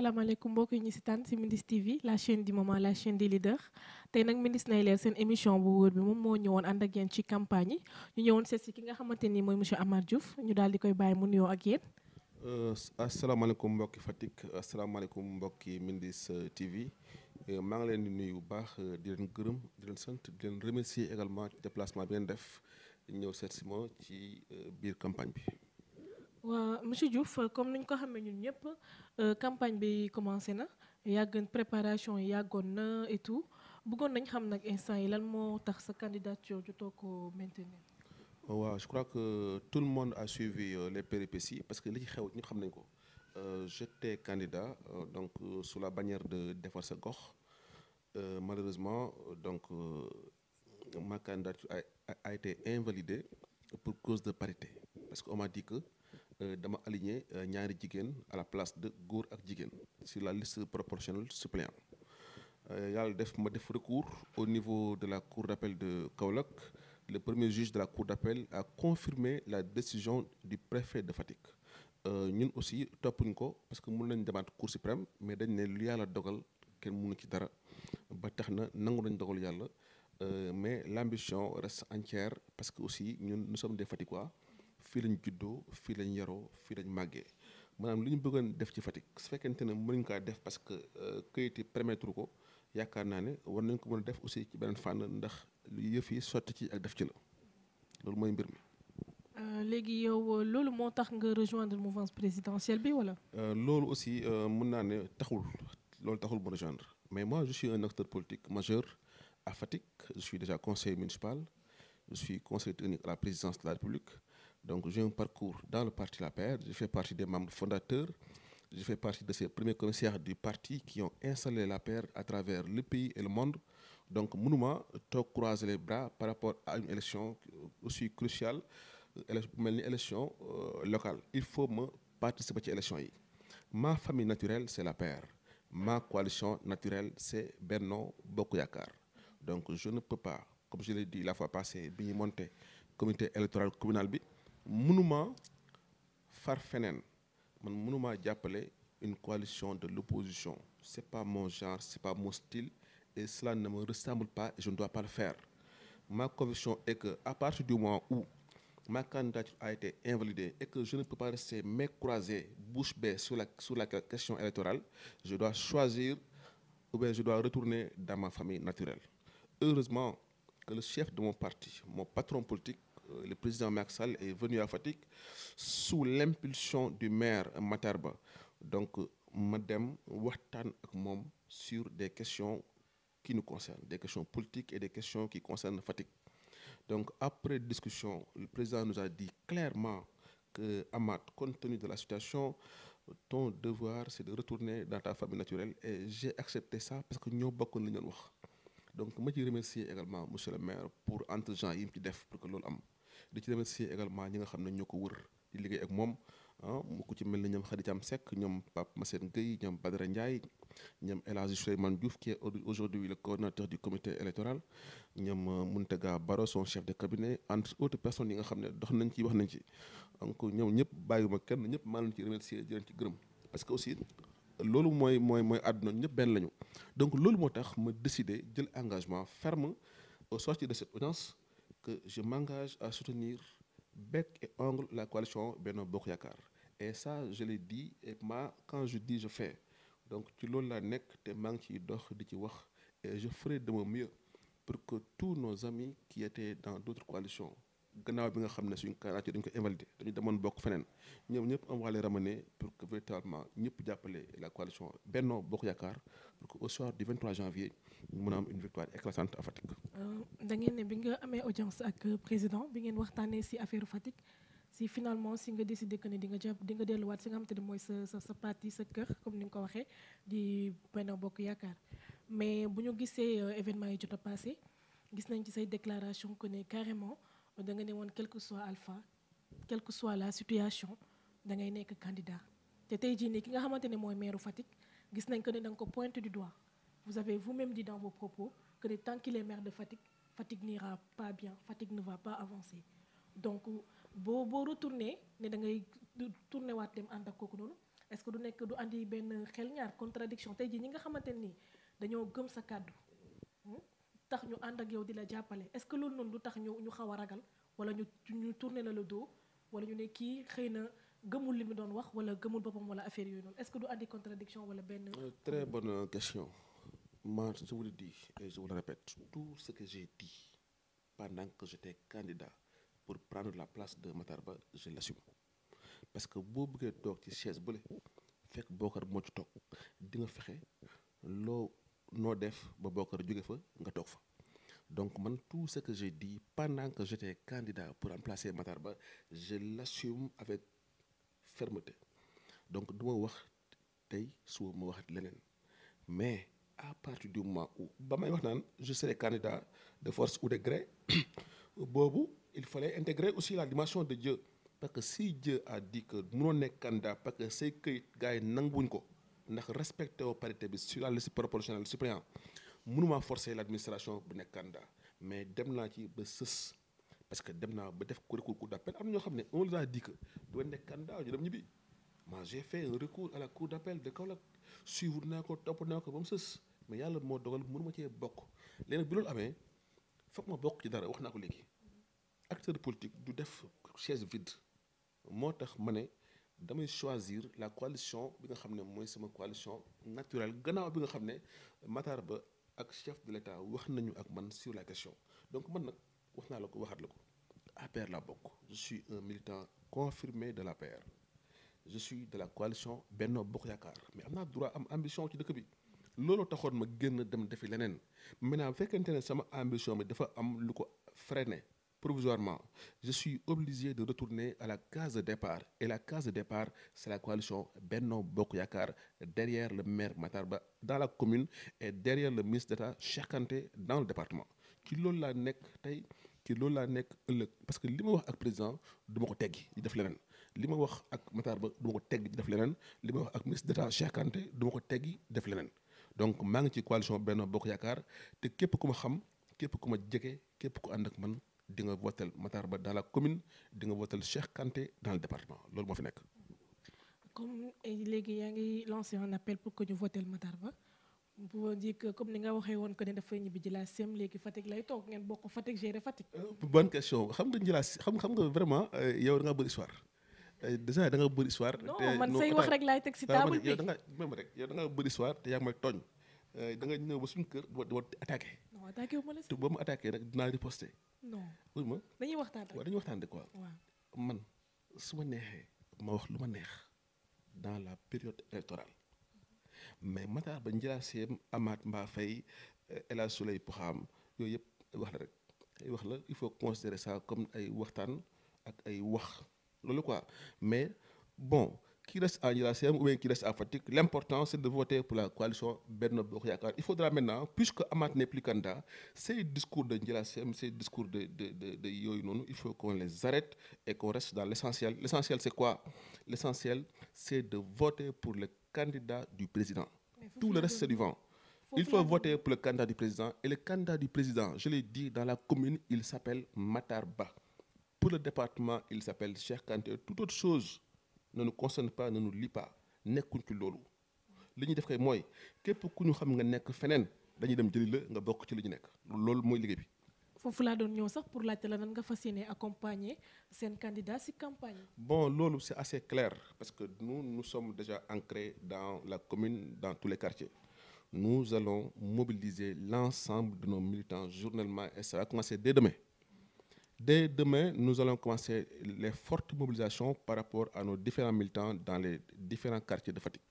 asalaamaaleykum mbokk yi ñu la chaîne du moment la chaîne des leaders tey nag Mindiss nay leer seen émission bu wóor moom moo ñëwoon ànd ak yéen ci campagne yi ñu ñëwoon seet si ki nga xamante ni mooy monsieur Amar Diouf ñu daal di koy bàyyi mu nuyoo ak yéen. Euh, asalaamaaleykum mbokki Fatick asalaamaaleykum mbokki Mindiss TV euh, maa ngi leen di nuyu bu baax euh, di leen gërëm di leen sant di leen remercier également déplacement bi ngeen def ñëw seet si moo ci biir campagne bi. waaw monsieur Diouf comme ni ñu ko xamee ñun ñëpp euh, campagne bi commencé na yàgg préparation yi yàggoon na et tout bëggoon nañ xam nag instant yi lan moo tax sa candidature jotoo ko maintenir. Euh, waaw je crois que tout le monde a suivi euh, les péripéties parce que li ci xew ñu xam nañ ko j'étais candidat donc su la bannière de defar sa gox malheureusement donc ma candidature a a été invalidée pour cause de parité parce que on m'a Euh, dama aligné euh, ñaari jigéen à la place de góor ak jigéen sur la liste proportionnelle suppléant euh, yàlla def ma def recours au niveau de la cour d'appel de Kaolack le premier juge de la cour d'appel ak confirmé la décision du préfet de Fatick ñun aussi toppuñ ko parce que mun nañ demaat cour suprême mais dañ ne lu yàlla dogal kenn mënu ci dara ba tax na nangu nañ dogal yàlla mais l'ambition reste entière parce que aussi ñun nous sommes des Fatickois fii lañ juddoo fii lañ yaroo fii lañ màggee maanaam lu ñu bëggoon def ci Fatick su fekkente ne mënuñ kaa def parce que euh, këyit yi permettre ko yaakaar naa ne war nañ ko mën def aussi ci beneen fànn ndax yëf yi sotti ci ak def ci la loolu mooy mbir mi. Euh, léegi yow euh, loolu moo tax nga rejoindre mouvance présidentielle bi wala. loolu aussi mën naa ne taxul loolu taxul mu rejoindre mais mois je suis un acteur politique majeur à Fatick je suis déjà conseil municipal je suis conseiller la présidence la République. Donc j'ai un parcours dans le parti La Paire, je fais partie des membres fondateurs, je fais partie de ces premiers commissaires du parti qui ont installé La Paire à travers le pays et le monde. Donc Mounouma toog croiser les bras par rapport à une élection aussi cruciale mel ni élection euh, locale il faut ma participer ci élection yi ma famille naturelle c'est La Paire ma coalition naturelle c'est Benno Bokk Yaakaar donc je ne peux pas comme je l'ai dit la fois bi ñuy monter comité électoral communal bi mënuma far feneen man mënuma jàppale une coalition de l'opposition c'est pas mon genre c'est pas mon style et cela ne me ressemble pas je ne dois pas le faire ma conviction est que à partir du moment où ma candidature a été invalidée et que je ne peux pas rester bouche bée sur la question électorale je dois choisir ou bien je dois retourner dans ma famille naturelle heureusement que le chef de mon parti mon patron politique Euh, le président Macky Sall est venu à Fatick sous l'impulsion du maire Matarba donc euh, ma dem waxtaan ak moom sur des questions qui nous concernent des questions politiques et des questions qui concernent Fatick donc après discussion le président nous a dit clairement que Amath compte tenu de la situation ton devoir c'est de retourner dans ta famille naturelle et j'ai accepté ça parce que ñoo bokkoon li wax donc ma ci remercier également monsieur pour entre gens yi mu ci def pour que loolu am di ci remercier également ñi nga xam ne ñoo ko wër di liggéey ak moom ah mu ko ci mel ni ñoom Khady Thiam Seck ñoom Pape Massène Gueye ñoom Badara Ndiaye ñoom El Hadji Souleymane Diouf qui est aujourd'hui le coordinateur du comité électoral ñoom euh, Mountaga Baro son chef de cabinet entre autres personnes yi nga xam ne dox nañ ci wax nañ ci donc ñoom ñëpp ma kenn ñëpp maa leen ci remercier di leen ci gërëm parce que aussi loolu mooy mooy mooy àdduna ñëpp benn lañu donc loolu moo tax ma décidé jël engagement ferme au sortir de cette audience que je m'engage à soutenir bec et ongle la coalition Benno Bokk Yaakaar et ça je l'ai dit et moi quand je dis je fais donc ci loolu laa nekk te maa ngi ciy dox di ci wax et je ferai de mon mieux pour que tous nos amis qui étaient dans d'autres coalitions gannaaw bi nga xam ne suñ candidature dañ ko invalidé dañu demoon bokk feneen ñoom ñëpp on va les ramener pour que véritablement ñëpp jàppale la coalition Benno Bokk Yaakaar pour que au soir du 23 janvier ñu mën a am une victoire éclatante a Fatick. Euh, da ne bi nga amee audience ak euh, président bi ngeen waxtaanee ci affaire Fatick si finalement si nga décidé que ne di nga di nga delluwaat si nga xamante ne mooy sa sa sa parti sa kër comme ni nga ko waxee d Bokk Yaakaar mais bu ñu gisee euh, événement yi jot a passé gis nañ ci say déclaration que ne da nga ne woon quel que soit alpha quelle soit la situation da ngay nekk candidat te tey jii nii ki nga xamante ne mooy maire Fatick gis nañ que ne da nga ko pointe du doigt vous avez vous-même dit dans vos propos que ne tant qu'il maire de Fatick Fatick n'ira pas bien Fatick ne va pas avancer donc boo boo retourné ne da ngay tourné waat dem ànd ak kooku noonu est-ce que du nekk du andi benn xel ñaar contradiction tey jii ñi nga xamante nii dañoo gëm sa kàddu tax ñu ànd ak yow di la jàppale est-ce que loolu noonu lu tax ñu ñu xaw a ragal wala ñu ñu tourner la le dos wala ñu ne kii xëy na gëmul li mu doon wax wala gëmul boppam wala affaire yooyu noonu est-ce que du andi contradiction wala benn. Euh, très bonne question man je vous le dis et je vous le répète tout ce que j'ai dit pendant que j'étais candidat pour prendre la place de Matar Ba la l'assume parce que boo buggee toog ci chaise bële fekk bokkar moo ci toog di noo def ba boo Bocar jóge fa nga toog fa donc man tout ce que j'ai dit pendant que j'étais candidat pour remplacer Matar Ba je l'assume avec fermeté donc du ma wax tey su ma wax leneen mais à partir du moment où ba may wax naan je serai candidat de force ou de gré boobu il fallait intégrer aussi la dimension de Dieu parce que si Dieu a dit que mënoo nekk candidat parce que say këyit gars yi nanguwuñ ko ndax respecté au parité bi sur la liste proportionnelle suppléant mënuma forcer l' administration bu nekk candidat mais dem naa ci ba sës parce que dem naa ba def recours cour d' am ñoo xam ne on les a dit que du ngeen nekk candidat ñu dem ñibbi moi j'ai fait de Kaolack suivre naa ko topp naa ko ba mu sës mais yàlla moo dogal mënuma cee bokk leen nag bi loolu amee foog ma bokk ci dara wax naa ko léegi acteur politique du def chaise vide moo tax ma ne. damay choisir la coalition bi nga xam ne mooy sama coalition naturelle gannaaw bi nga xam ne Matar Ba ak chef de l'État wax nañu ak man sur la question donc man nag wax naa la ko waxaat la ko APR laa bokk je suis un militant confirmé de l'APR je suis de la coalition Benno Bokk Yaakaar mais am naa droit am ambition ci dëkk bi looloo taxoon ma génn dem defi leneen maintenant fekkente ne sama ambition bi dafa am lu ko freiné provisoirement, je suis obligé de retourner à la case de départ. Et la case de départ, c'est la coalition Benno Bokoyakar, derrière la maire ba dans la commune, et derrière le ministre d'État Chakanté, dans le département. ci loolu laa nekk tey ki loolu laa nekk ëllëg parce que li ma wax ak président duma ko teggi di def leneen li ma wax ak Matar Ba du ko teggi di def leneen li ma wax ak ministre d'État Cheikh Kanté ko teggi def leneen donc maa ngi ci coalition Benno Bokk Yaakaar te képp ku ma xam képp ku ma jege képp ku ànd ak man di nga votel Matar Ba dans la commune di nga votel Cheikh kante dans le département loolu moo fi nekk. comme eh, léegi yaa ngi lancé un appel pour que ñu votel Matar Ba pour comme ni nga waxee woon que ne dafay ñibbi Jula Sèm léegi Fatick lay toog ngeen bokk Fatick gérer Fatick. Euh, bonne question xam nga Jula xam xam nga vraiment euh, yow da ngaa bëri histoire euh, déjà da nga bëri histoire. non man say wax rek laay teg si table bi yow da nga même rek yow da nga bëri histoire te yaa ngi may tooñ da nga ñëw ba suñu kër attaqué wu ma la si. te boo ma attaqué rek dinaa riposté. non oui ma dañuy waxtaan rek waaw dañuy waxtaan rek waaw. man su ma neexee ma wax lu ma neex dans la période électorale mais Matar ba Ndiéla Sèye Amath Mba Faye euh, El Hadj yooyu yëpp wax la rek ay wax la il faut considérer sa comme ay waxtaan ak ay wax loolu quoi mais bon. qui reste à l'IRACM ou bien qui reste à Fatik, l'important c'est de voter pour la coalition Bernard Bokyakar. Il faudra maintenant, puisque Amat n'est plus candidat, ces discours de l'IRACM, ces discours de, de, de, de Yoyunonou, il faut qu'on les arrête et qu'on reste dans l'essentiel. L'essentiel c'est quoi L'essentiel c'est de voter pour le candidat du président. Tout le reste c'est du vent. Il faut voter pour le candidat du président. Et le candidat du président, je le département, il s'appelle Cheikh Kanté. Toute ne nous concerne pas ne nous lie pas nekkuñ ci loolu li ñuy def kay mooy képp ku ñu xam nga nekk feneen dañuy dem jëli la nga bokk ci li ñu nekk loolu mooy liggéey bi. foofu laa doon ñëw sax pour laajte la nan nga fas yéene accompagner seen candidat si campagne bon loolu c'est assez claire parce que nous nous sommes déjà ancrés dans la commune dans tous les quartiers. nous allons mobiliser l'ensemble de nos militants journellement et ça va commencer dès des demain, nous allons commencer les fortes mobilisations par rapport à nos différents militants dans les différents quartiers de Fatick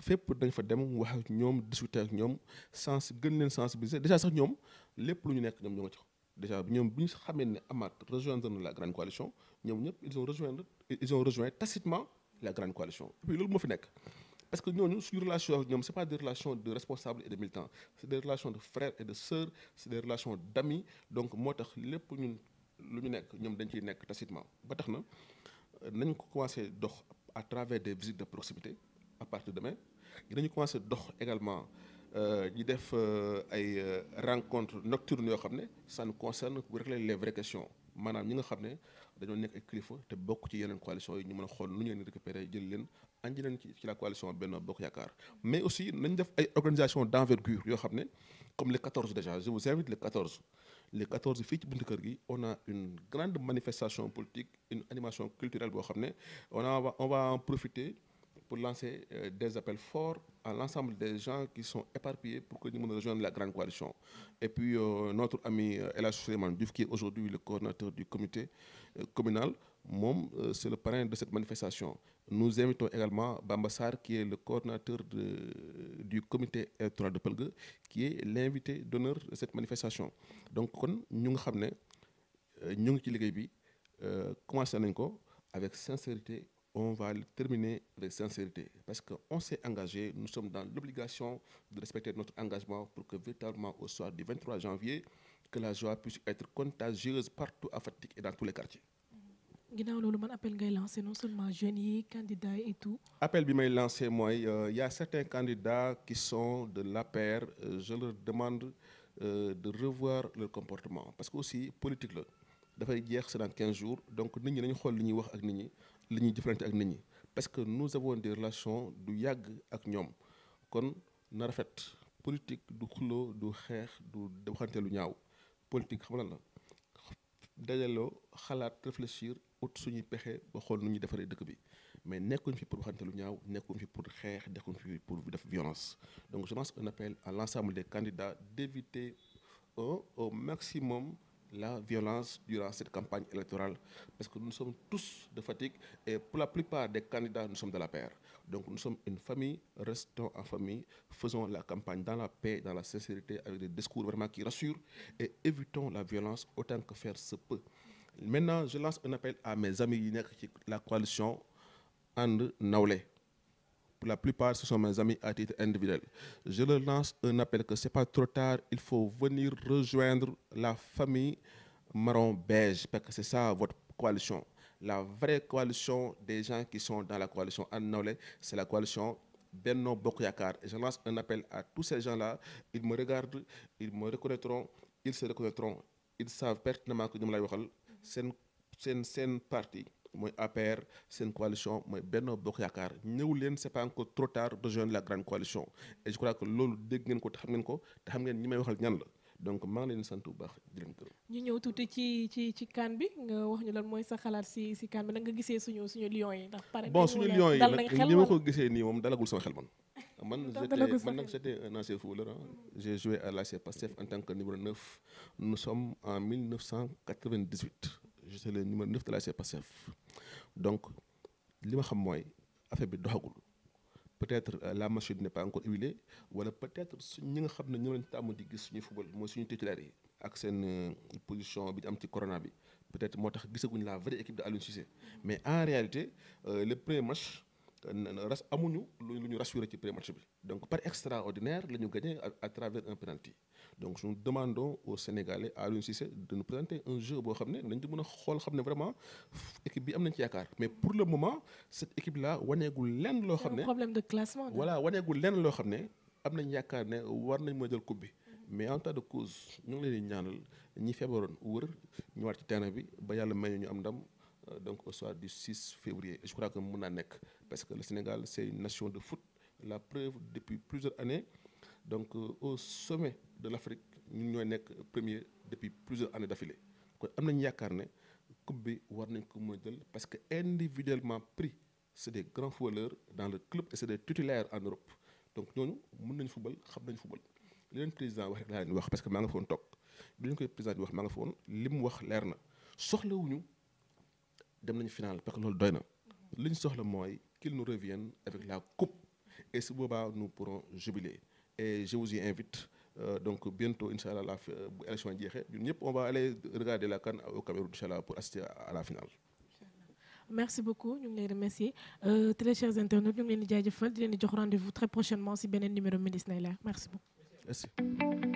fépp dañ fa dem wax ñoom discuter ak ñoom sens gën leen sensibiliser déjà sax ñoom lépp lu ñu nekk ñoom ñoo nga ci déjà ñoom bu ñu xamee ne Amath rejoindre na la grande coalition ñoom ñëpp ils ont rejoindre ils ont rejoint tacitement la grande coalition et puis loolu moo fi nekk parce que ñooñu suñu relation ak ñoom c'est pas des relations de responsables et de militants moo tax lépp ñun lu ñu nekk ñoom dañu ciy nekk tacitement ba tax na nañ ko commencé dox à travers des visites de proximité à partir de demain dinañu commencé dox également euh, ñu def euh, ay euh, rencontres nocturnes yoo xam ne ça nous concerne pour régler les vraies questions maanaam ñi nga xam ne dañoo nekk ay kilifa te bokk ci yeneen coalition yi ñu mën a xool nu ñu leen jël leen andi leen ci la coalition Benno Bokk Yaakaar mais aussi nañ def ay organisation d'envergure yoo xam ne comme les 14 déjà je vous invite les 14 les 14 fii ci kër gi on a une grande manifestation politique une animation culturelle boo xam ne on a on va en profiter pour lancer euh, des appels forts à l'ensemble des gens qui sont éparpillés pour que ñu mën a rejoindre la grande coalition et puis euh, notre ami euh, El Hadj Souleymane Diouf aujourd'hui le coordinateur euh, communal moom euh, c'est le parrain de cette manifestation nous invitons également Bamba Sarr qui est le coordonnateur du comité électoral de Pelgue qui est l'invité d'honneur de cette manifestation donc kon ñu nga xam ne euh, ñu ngi ci liggéey bi euh, commencé nañ ko avec sincérité on va le terminer avec sincérité parce que on s'est engagé nous sommes dans l'obligation de respecter notre engagement pour que véritablement au soir du 23 janvier que la joie puisse être contagieuse partout à Fatick et dans ginnaaw loolu man appel ngay lancé non seulement jeunes yi candidats yi tout. appel bi may lancer mooy il euh, y a certains candidats qui sont de l'APR euh, je leur demande euh, de revoir leur comportement parce que aussi politique la dafay jeex c'est dans 15 jours donc nit ñi nañu xool li ñuy wax ak nit ñi li ñuy jëflante ak nit ñi parce que nous avons des relations du yàgg ak ñoom kon na rafet politique du xuloo du xeex du waxante lu ñaaw politique xam dajaloo xalaat réfléchir ut suñuy pexe ba xool nu ñuy defaree dëkk bi mais nekkuñ fi pour waxante lu ñaaw nekkuñ fi pour xeex nekkuñ fi pour def violence donc je lance un appel à l'ensemble des candidats d'éviter au au maximum la violence durant cette campagne électorale parce que nous sommes tous de fatigue et pour la plupart des candidats nous sommes de la paire Donc nous sommes une famille, restons en famille, faisons la campagne dans la paix, dans la sincérité, avec des discours vraiment qui rassurent et évitons la violence autant que faire se peut. Maintenant, je lance un appel à mes amis yi nekk ci la coalition And Nawlé. Pour la plupart, ce sont mes amis à titre individuel. Je leur lance un appel que c'est pas trop tard, il faut venir rejoindre la famille marron beige parce que c'est ça votre coalition. la vraie coalition des gens qui sont dans la coalition Annolé, c'est la coalition Benno Bokoyakar. Je lance un appel à tous ces gens-là. Ils me regardent, ils me reconnaîtront, ils se reconnaîtront. Ils savent pertinemment que nous l'avons c'est une partie. mooy APR seen coalition mooy Benno Bokk Yaakaar ñëw leen c'est pas encore trop tard de la grande coalition et je crois que loolu dégg ngeen ko te xam ngeen ko te xam ñi may waxal ñan la donc maa ngi leen sant bu baax di leen gërëm. ñu ñëw tuuti ci ci ci kan bi nga wax ñu lan mooy sa xalaat si si kan bi nag gisee suñu suñu lion yi ndax. pare bon suñu lion yi nag ni ma ko gisee nii moom dalagul sama xel man. man j'étais man nag j'étais un ancien footballeur j'ai joué à l'AC Pastef en tant que numéro 9 nous sommes en 1998 j'étais le numéro 9 de l'AC Pastef donc li ma xam mooy affaire bi doxagul. peut-être euh, la machine n'est pas encore huilée wala peut-être su ñi nga xam ne ñoo leen tàmm di gis suñu football mooy suñu titulaire yi ak seen euh, position bi ñu am ci corona bi peut-être moo tax gisaguñ la vraie équipe de Aliou Cissé mais en réalité euh, le premier match ras amuñu lu ñu rassuré ci pré-match bi donc par extraordinaire la ñu gagné à travers un penalty donc nous demandons aux Sénégalais à Aliou Cissé de nous présenter un jeu boo xam ne dañ di mën a xool xam ne vraiment équipe bi am nañ ci yaakaar mais pour le moment cette équipe là waneegul lenn loo xam ne problème de classement voilà waneegul lenn loo xam ne am nañ yaakaar ne war nañ ma jël coupe bi mm-hmm. mais en tas de cause ñu ngi leen ñaanal ñi feebaroon wër ñëwaat ci terrain bi ba yàlla may ñu am ndam Euh, donc au soir du 6 février je crois que mun naa nekk parce que le Sénégal c'est une nation de foot la preuve depuis plusieurs années donc euh, au sommet de l'Afrique ñun ñooy nekk premier depuis plusieurs années d'affilée kon am nañu yaakaar ne coupe bi war nañ ko mën jël parce que individuellement pris c'est de grands footballeurs dans le club et c'est des titulaires en Europe donc ñooñu mën nañu football xam nañu football li leen président wax rek laa leen wax parce que maa nga foon toog li leen koy président di wax maa li mu wax leer na soxlawuñu dem nañ final parce que loolu doy na li soxla mooy qu'il nous revienne avec la coupe et su boobaa nous pourrons jubiler et je vous y invite euh, donc bientôt incha allah la bu élection jeexee ñun ñëpp on va aller la CAN au Cameroun incha allah pour assister à la finale. merci beaucoup ñu ngi lay remercier euh, très chers internautes ñu ngi leen di di leen jox rendez-vous prochainement si beneen numéro Mindiss Nay Leer merci beaucoup.